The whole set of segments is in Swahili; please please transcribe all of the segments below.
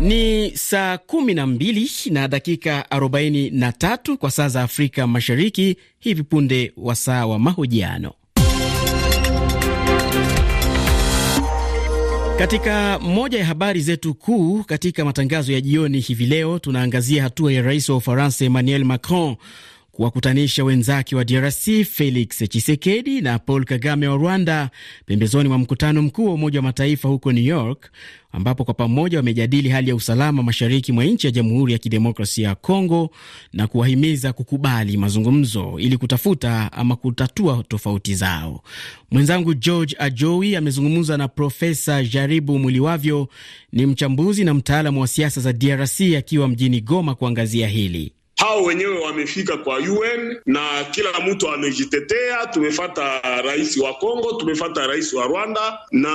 Ni saa 12 na dakika 43 kwa saa za Afrika Mashariki. Hivi punde wasaa wa mahojiano. Katika moja ya habari zetu kuu katika matangazo ya jioni hivi leo, tunaangazia hatua ya rais wa Ufaransa Emmanuel Macron kuwakutanisha wenzake wa DRC Felix chisekedi na Paul Kagame wa Rwanda pembezoni mwa mkutano mkuu wa Umoja wa Mataifa huko New York, ambapo kwa pamoja wamejadili hali ya usalama mashariki mwa nchi ya Jamhuri ya Kidemokrasia ya Kongo na kuwahimiza kukubali mazungumzo ili kutafuta ama kutatua tofauti zao. Mwenzangu George Ajowi amezungumza na Profesa Jaribu Mwiliwavyo, ni mchambuzi na mtaalamu wa siasa za DRC akiwa mjini Goma kuangazia hili hao wenyewe wamefika kwa UN na kila mtu amejitetea. Tumefata rais wa Kongo, tumefata rais wa Rwanda na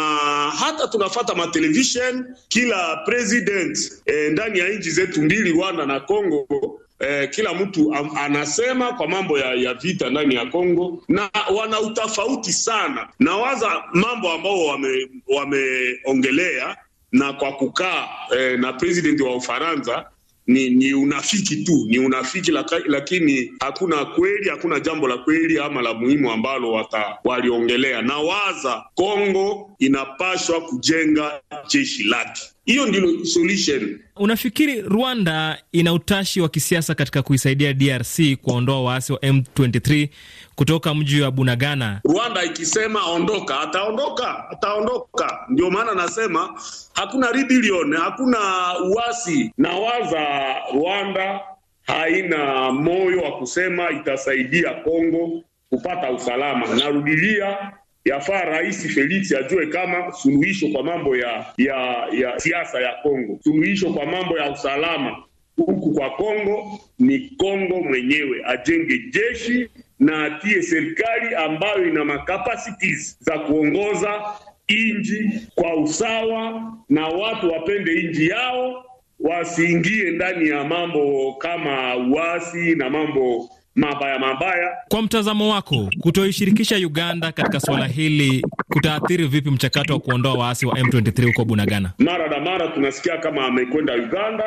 hata tunafata matelevishen kila president e, ndani ya nchi zetu mbili Rwanda na Kongo. Eh, kila mtu anasema kwa mambo ya, ya vita ndani ya Kongo na wana utofauti sana na waza mambo ambao wameongelea wame na kwa kukaa eh, na president wa Ufaransa ni, ni unafiki tu, ni unafiki laka, lakini hakuna kweli, hakuna jambo la kweli ama la muhimu ambalo wata, waliongelea. Na waza Kongo inapashwa kujenga jeshi lake hiyo ndilo solution. Unafikiri Rwanda ina utashi wa kisiasa katika kuisaidia DRC kuwaondoa waasi wa M23 kutoka mji wa Bunagana? Rwanda ikisema ondoka, ataondoka, ataondoka. Ndio maana nasema hakuna rebellion, hakuna uasi. Na waza Rwanda haina moyo wa kusema itasaidia Kongo kupata usalama. Narudilia yafaa Rais Felix ajue kama suluhisho kwa mambo ya ya ya siasa ya Kongo, suluhisho kwa mambo ya usalama huku kwa Kongo ni Kongo mwenyewe, ajenge jeshi na atie serikali ambayo ina makapasitis za kuongoza inji kwa usawa, na watu wapende inji yao, wasiingie ndani ya mambo kama uasi na mambo mabaya mabaya. Kwa mtazamo wako, kutoishirikisha Uganda katika suala hili kutaathiri vipi mchakato wa kuondoa waasi wa M23 huko Bunagana? Mara na mara tunasikia kama amekwenda Uganda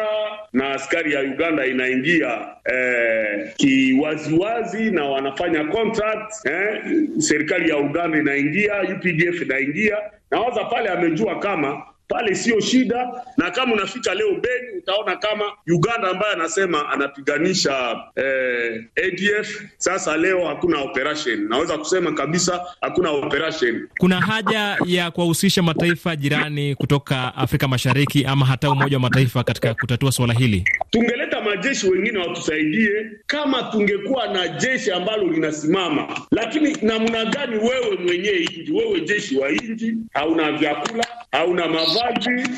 na askari ya Uganda inaingia eh, kiwaziwazi na wanafanya contract, eh, serikali ya Uganda inaingia, UPDF inaingia, nawaza pale amejua kama pale sio shida, na kama unafika leo Beni utaona kama Uganda ambaye anasema anapiganisha eh, ADF. Sasa leo hakuna operation, naweza kusema kabisa hakuna operation. Kuna haja ya kuwahusisha mataifa jirani kutoka Afrika Mashariki ama hata Umoja wa Mataifa katika kutatua swala hili. Tungeleta majeshi wengine watusaidie, kama tungekuwa na jeshi ambalo linasimama. Lakini namna gani wewe mwenyewe inji, wewe jeshi wa inji, hauna vyakula, hauna mavazi usambazaji,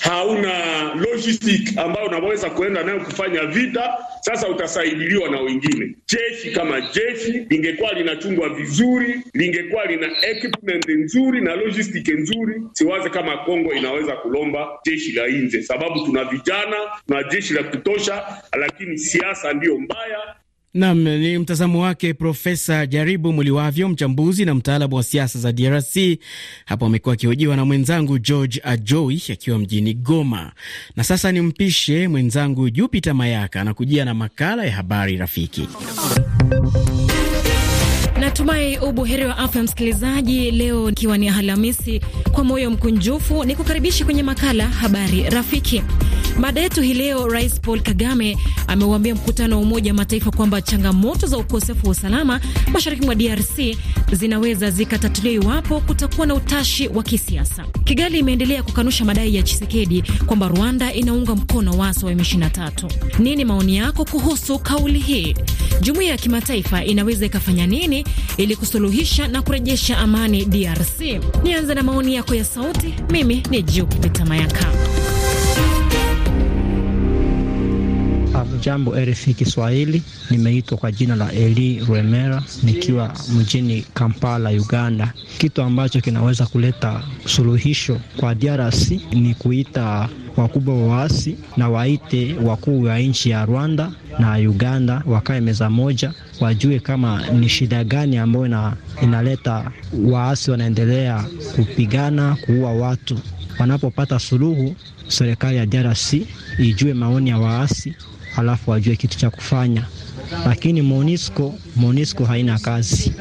hauna logistic ambayo unaweza kuenda nayo kufanya vita. Sasa utasaidiliwa na wengine. Jeshi kama jeshi lingekuwa linachungwa vizuri, lingekuwa lina equipment nzuri na logistic nzuri, siwaze kama Kongo inaweza kulomba jeshi la nje, sababu tuna vijana na jeshi la kutosha, lakini siasa ndiyo mbaya Nam ni mtazamo wake Profesa Jaribu Muliwavyo, mchambuzi na mtaalamu wa siasa za DRC. Hapo amekuwa akihojiwa na mwenzangu George Ajoi akiwa mjini Goma. Na sasa ni mpishe mwenzangu Jupiter Mayaka anakujia na makala ya habari rafiki. Natumai ubuheri wa afya msikilizaji. Leo ikiwa ni Alhamisi, kwa moyo mkunjufu ni kukaribishi kwenye makala habari rafiki. Mada yetu hii leo, Rais Paul Kagame ameuambia mkutano wa Umoja wa Mataifa kwamba changamoto za ukosefu wa usalama mashariki mwa DRC zinaweza zikatatuliwa iwapo kutakuwa na utashi wa kisiasa. Kigali imeendelea kukanusha madai ya Chisekedi kwamba Rwanda inaunga mkono waasi wa M23. Nini maoni yako kuhusu kauli hii? jumuiya ya kimataifa inaweza ikafanya nini ili kusuluhisha na kurejesha amani DRC? Nianze na maoni yako ya sauti. Mimi ni Jupita Mayaka. Jambo RFI Kiswahili, nimeitwa kwa jina la Eli Rwemera nikiwa mjini Kampala, Uganda. Kitu ambacho kinaweza kuleta suluhisho kwa DRC ni kuita wakubwa wa waasi na waite wakuu wa nchi ya Rwanda na Uganda wakae meza moja, wajue kama ni shida gani ambayo ina, inaleta waasi wanaendelea kupigana kuua watu. Wanapopata suluhu, serikali ya DRC ijue maoni ya waasi, alafu wajue kitu cha kufanya, lakini MONUSCO MONUSCO haina kazi.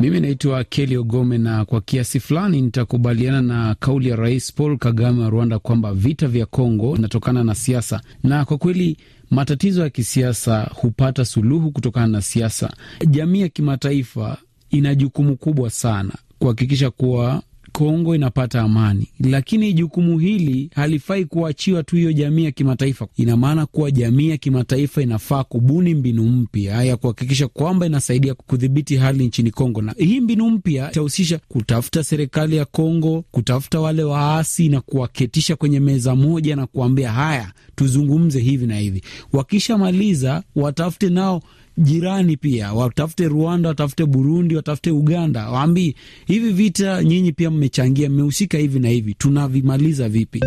Mimi naitwa Keli Ogome, na kwa kiasi fulani nitakubaliana na kauli ya Rais Paul Kagame wa Rwanda kwamba vita vya Kongo vinatokana na siasa, na kwa kweli matatizo ya kisiasa hupata suluhu kutokana na siasa. Jamii ya kimataifa ina jukumu kubwa sana kuhakikisha kuwa Kongo inapata amani, lakini jukumu hili halifai kuachiwa tu hiyo jamii ya kimataifa. Ina maana kuwa jamii ya kimataifa inafaa kubuni mbinu mpya ya kuhakikisha kwamba inasaidia kudhibiti hali nchini Kongo, na hii mbinu mpya itahusisha kutafuta serikali ya Kongo, kutafuta wale waasi na kuwaketisha kwenye meza moja na kuambia haya, tuzungumze hivi na hivi. Wakishamaliza watafute nao jirani pia, watafute Rwanda, watafute Burundi, watafute Uganda, waambie hivi vita nyinyi pia mmechangia, mmehusika hivi na hivi, tunavimaliza vipi?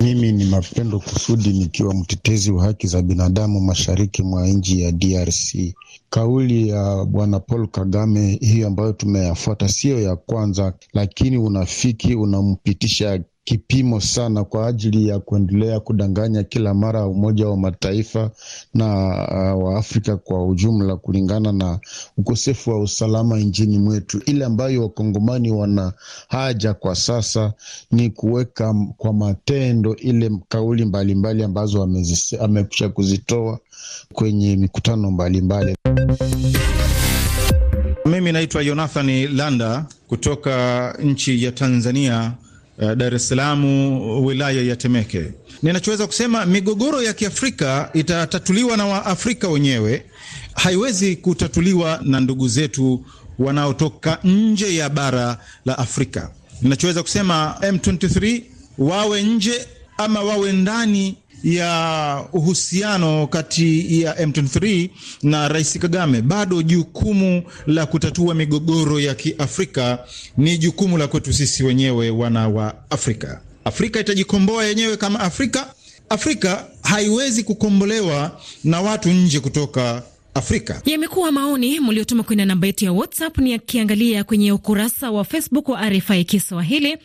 Mimi ni Mapendo Kusudi, nikiwa mtetezi wa haki za binadamu mashariki mwa nchi ya DRC. Kauli ya bwana Paul Kagame hiyo ambayo tumeyafuata siyo ya kwanza, lakini unafiki unampitisha kipimo sana kwa ajili ya kuendelea kudanganya kila mara Umoja wa Mataifa na uh, wa Afrika kwa ujumla, kulingana na ukosefu wa usalama nchini mwetu. Ile ambayo wakongomani wana haja kwa sasa ni kuweka kwa matendo ile kauli mbalimbali ambazo amekusha kuzitoa kwenye mikutano mbalimbali mbali. Mimi naitwa Jonathan Landa kutoka nchi ya Tanzania Eh, Dar es Salaam, wilaya ya Temeke. Ninachoweza kusema migogoro ya Kiafrika itatatuliwa na Waafrika wenyewe, haiwezi kutatuliwa na ndugu zetu wanaotoka nje ya bara la Afrika. Ninachoweza kusema M23 wawe nje ama wawe ndani ya uhusiano kati ya M23 na Rais Kagame, bado jukumu la kutatua migogoro ya Kiafrika ni jukumu la kwetu sisi wenyewe wana wa Afrika. Afrika itajikomboa yenyewe kama Afrika. Afrika haiwezi kukombolewa na watu nje kutoka Afrika. Yamekuwa maoni mliotuma kwenye namba yetu ya WhatsApp ni yakiangalia kwenye ukurasa wa Facebook wa RFI Kiswahili.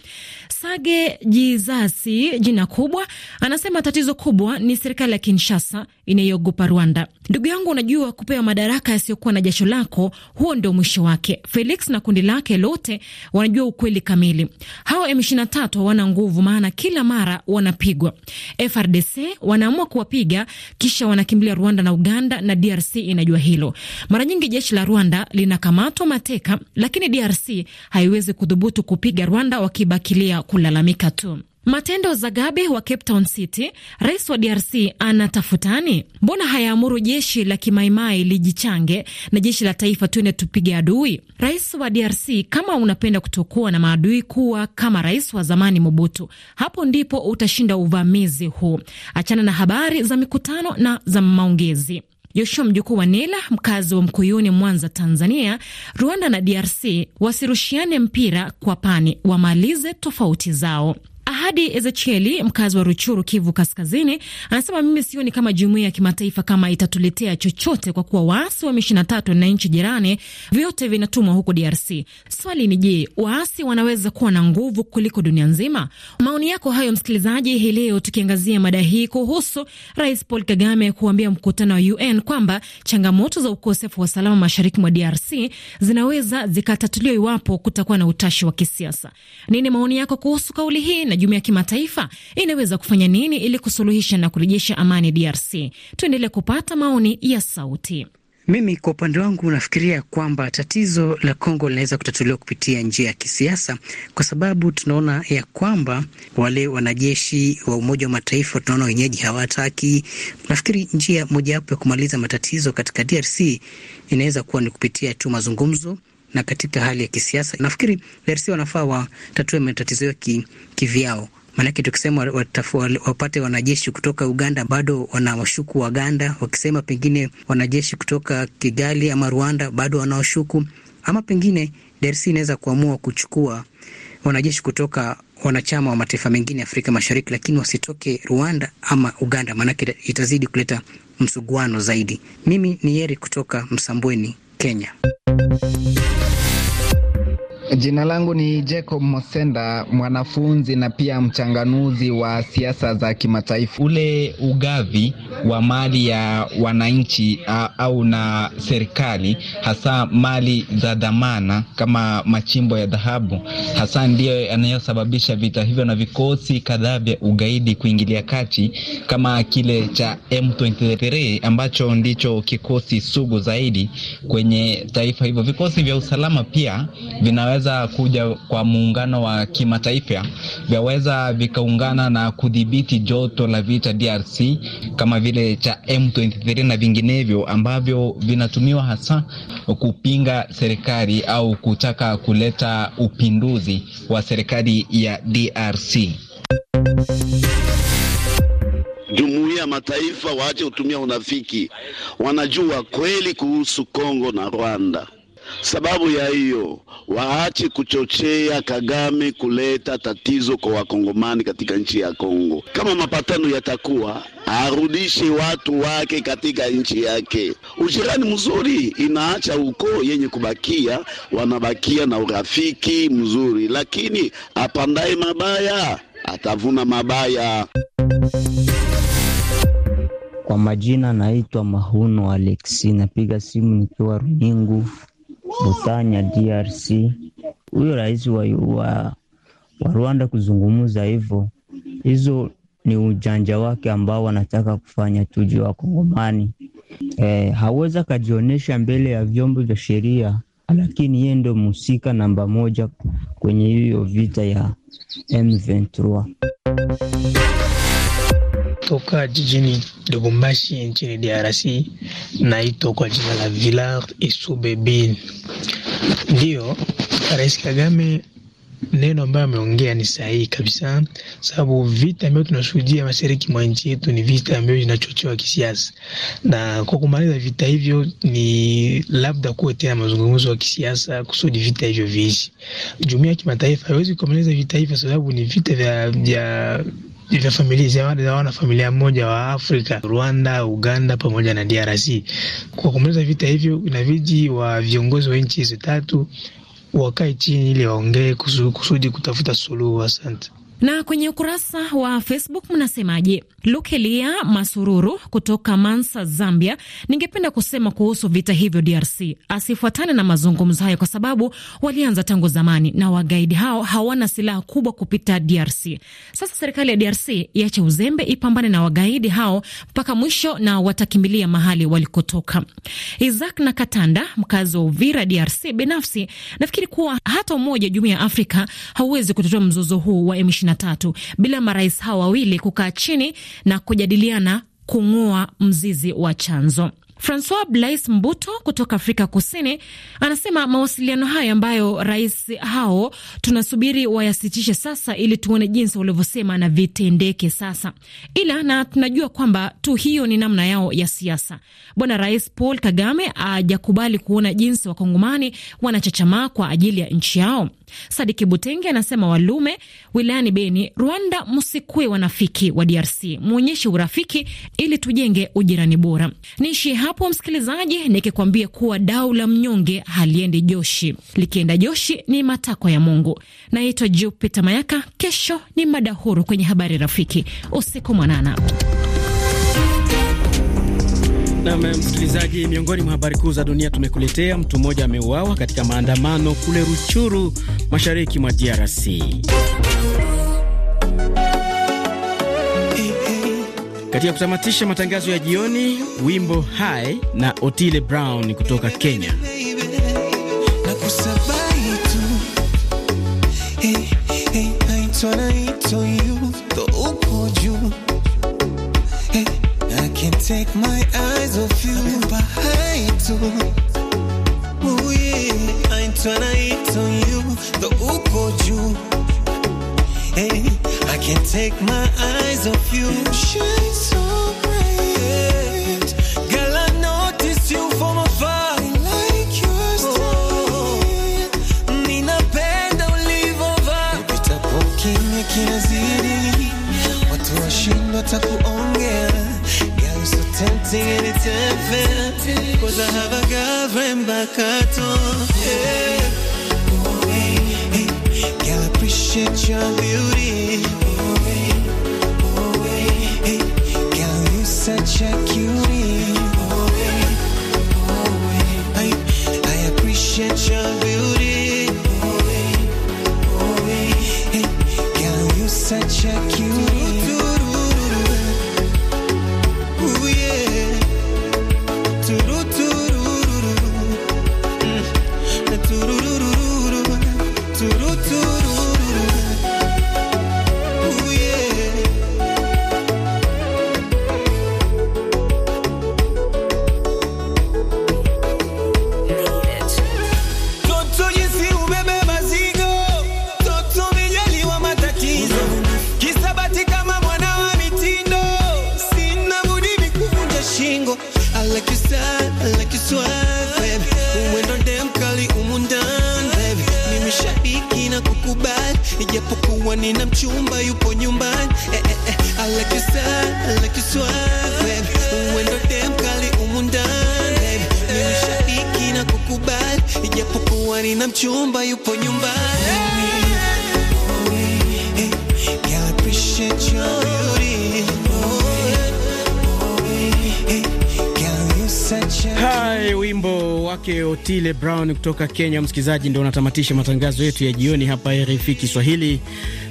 Sage Jizasi, jina kubwa, anasema tatizo kubwa ni serikali ya Kinshasa inayogopa Rwanda. Ndugu yangu, unajua kupewa madaraka yasiyokuwa na jasho lako, huo ndio mwisho wake. Felix na kundi lake lote wanajua ukweli kamili. Hao M23 hawana nguvu, maana kila mara wanapigwa. FRDC wanaamua kuwapiga kisha wanakimbilia Rwanda na Uganda, na DRC inajua hilo. Mara nyingi jeshi la Rwanda linakamatwa mateka, lakini DRC haiwezi kudhubutu kupiga Rwanda, wakibakilia kulalamika tu. Matendo Zagabe wa Cape Town City, rais wa DRC anatafutani? Mbona hayaamuru jeshi la kimaimai lijichange na jeshi la taifa, tuende tupige adui? Rais wa DRC, kama unapenda kutokuwa na maadui, kuwa kama rais wa zamani Mobutu. Hapo ndipo utashinda uvamizi huu. Achana na habari za mikutano na za maongezi. yoshua mjukuu wa Nela, mkazi wa Mkuyuni, Mwanza, Tanzania. Rwanda na DRC wasirushiane mpira kwa pani, wamalize tofauti zao. Ahadi Ezecheli, mkazi wa Ruchuru, Kivu Kaskazini, anasema mimi sioni kama jumuia ya kimataifa kama itatuletea chochote kwa kuwa waasi wa M23 na nchi jirani vyote vinatumwa huko DRC. Swali ni je, waasi wanaweza kuwa na nguvu kuliko dunia nzima? Maoni yako hayo, msikilizaji, hii leo tukiangazia mada hii kuhusu Rais Paul Kagame kuambia mkutano wa UN kwamba changamoto za ukosefu wa usalama mashariki mwa DRC zinaweza zikatatuliwa iwapo kutakuwa na utashi wa kisiasa. Nini maoni yako kuhusu kauli hii na jumuiya ya kimataifa inaweza kufanya nini ili kusuluhisha na kurejesha amani DRC? Tuendelee kupata maoni ya sauti. Mimi kwa upande wangu nafikiria kwamba tatizo la Kongo linaweza kutatuliwa kupitia njia ya kisiasa, kwa sababu tunaona ya kwamba wale wanajeshi wa Umoja wa Mataifa tunaona wenyeji hawataki. Nafikiri njia mojawapo ya kumaliza matatizo katika DRC inaweza kuwa ni kupitia tu mazungumzo na katika hali ya kisiasa, nafikiri DRC wanafaa watatue matatizo yao ki, kivyao. Maanake tukisema wapate wanajeshi kutoka Uganda, bado wanawashuku Waganda. Wakisema pengine wanajeshi kutoka Kigali ama Rwanda, bado wanawashuku. Ama pengine DRC inaweza kuamua kuchukua wanajeshi kutoka wanachama wa mataifa mengine Afrika Mashariki, lakini wasitoke Rwanda ama Uganda, maanake itazidi kuleta msuguano zaidi. Mimi ni Yeri kutoka Msambweni, Kenya. Jina langu ni Jacob Mosenda, mwanafunzi na pia mchanganuzi wa siasa za kimataifa. Ule ugavi wa mali ya wananchi au na serikali, hasa mali za dhamana kama machimbo ya dhahabu, hasa ndiyo yanayosababisha vita hivyo na vikosi kadhaa vya ugaidi kuingilia kati, kama kile cha M23 ambacho ndicho kikosi sugu zaidi kwenye taifa hivyo. Vikosi vya usalama pia vinaweza vikaweza kuja kwa muungano wa kimataifa vyaweza vikaungana na kudhibiti joto la vita DRC kama vile cha M23 na vinginevyo ambavyo vinatumiwa hasa kupinga serikali au kutaka kuleta upinduzi wa serikali ya DRC. Jumuiya mataifa waache kutumia unafiki, wanajua kweli kuhusu Kongo na Rwanda. Sababu ya hiyo waache kuchochea Kagame kuleta tatizo kwa wakongomani katika nchi ya Kongo. Kama mapatano yatakuwa, arudishe watu wake katika nchi yake. Ujirani mzuri inaacha ukoo yenye kubakia, wanabakia na urafiki mzuri, lakini apandaye mabaya atavuna mabaya. Kwa majina naitwa Mahuno Alexi, napiga simu nikiwa Runingu Butanya, DRC. Huyo rais wa, wa, wa Rwanda kuzungumza hivyo, hizo ni ujanja wake ambao wanataka kufanya tuji wa Kongomani. E, eh, hawezi akajionyesha mbele ya vyombo vya sheria, lakini yeye ndo mhusika namba moja kwenye hiyo vita ya M23 kutoka jijini Lubumbashi nchini DRC. Naitwa kwa jina la Villard Isube Bin. Ndiyo, Rais Kagame neno ambayo ameongea ni sahihi kabisa, sababu vita ambayo tunashuhudia mashariki mwa nchi yetu ni vita ambayo inachochewa kisiasa, na kwa kumaliza vita hivyo ni labda kuwe tena mazungumzo ya kisiasa kusudi vita hivyo viishi. Jumuiya ya kimataifa haiwezi kumaliza vita hivyo, sababu ni vita vya, vya familia za familia moja wa Afrika, Rwanda, Uganda pamoja na DRC. Kwa kumaliza vita hivyo, inabidi wa viongozi wa nchi hizi tatu wakae chini ili waongee kusudi kutafuta suluhu. Asante. Na kwenye ukurasa wa Facebook mnasemaje? Lukelia Masururu kutoka Mansa, Zambia, ningependa kusema kuhusu vita hivyo DRC asifuatane na mazungumzo hayo, kwa sababu walianza tangu zamani na wagaidi hao hawana silaha kubwa kupita DRC. Sasa serikali ya DRC iache uzembe, ipambane na wagaidi hao mpaka mwisho, na watakimbilia mahali walikotoka. Isaac na Katanda, mkazi wa Uvira, DRC, binafsi nafikiri kuwa hata umoja jumuiya ya Afrika hauwezi kutotoa mzozo huu wa M23 na tatu bila marais hao wawili kukaa chini na kujadiliana kung'oa mzizi wa chanzo. Francois Blaise Mbuto kutoka Afrika Kusini anasema mawasiliano hayo ambayo rais hao tunasubiri wayasitishe sasa, ili tuone jinsi walivyosema na vitendeke sasa, ila na tunajua kwamba tu hiyo ni namna yao ya siasa. Bwana Rais Paul Kagame hajakubali kuona jinsi wakongomani wanachachamaa kwa ajili ya nchi yao. Sadiki Butenge anasema Walume wilayani Beni, Rwanda, msikue wanafiki wa DRC, mwonyeshe urafiki ili tujenge ujirani bora. Niishi hapo msikilizaji, nikikwambia kuwa dau la mnyonge haliendi joshi, likienda joshi ni matakwa ya Mungu. Naitwa Jupita Mayaka. Kesho ni mada huru kwenye habari rafiki. Usiku mwanana. Nam msikilizaji, miongoni mwa habari kuu za dunia tumekuletea: mtu mmoja ameuawa katika maandamano kule Ruchuru, mashariki mwa DRC. Katika kutamatisha matangazo ya jioni, wimbo hai na Otile Brown kutoka Kenya. eyes of you bahaitu oh yeah aitwa night on you the uko hey I can't take my eyes off you shine so bright girl I notice you from afar like your style oh. ninapenda ulivovaa ukitapo kimya kinazidi watu washindwa takuongea tempting and it's unfair. Cause I have a girlfriend back at home. Yeah. Oh, hey, hey. Girl, I appreciate your beauty. Oh, hey, oh, hey. Girl, you are such a cute. na kukubali, ijapokuwa nina mchumba yupo nyumbani eh, eh, eh I like you sad, I like you swag baby, uendo kali umundani baby, mimi na kukubali, ijapokuwa nina mchumba yupo nyumbani wake Otile Brown kutoka Kenya. Msikilizaji, ndo unatamatisha matangazo yetu ya jioni hapa RFI Kiswahili.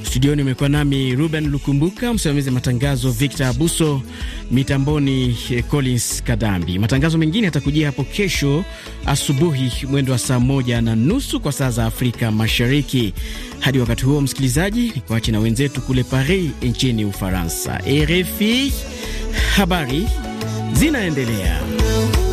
Studioni umekuwa nami Ruben Lukumbuka, msimamizi matangazo Victor Abuso, mitamboni Collins Kadambi. Matangazo mengine yatakujia hapo kesho asubuhi mwendo wa saa moja na nusu kwa saa za Afrika Mashariki. Hadi wakati huo, msikilizaji, nikuache na wenzetu kule Paris nchini Ufaransa. RFI habari zinaendelea.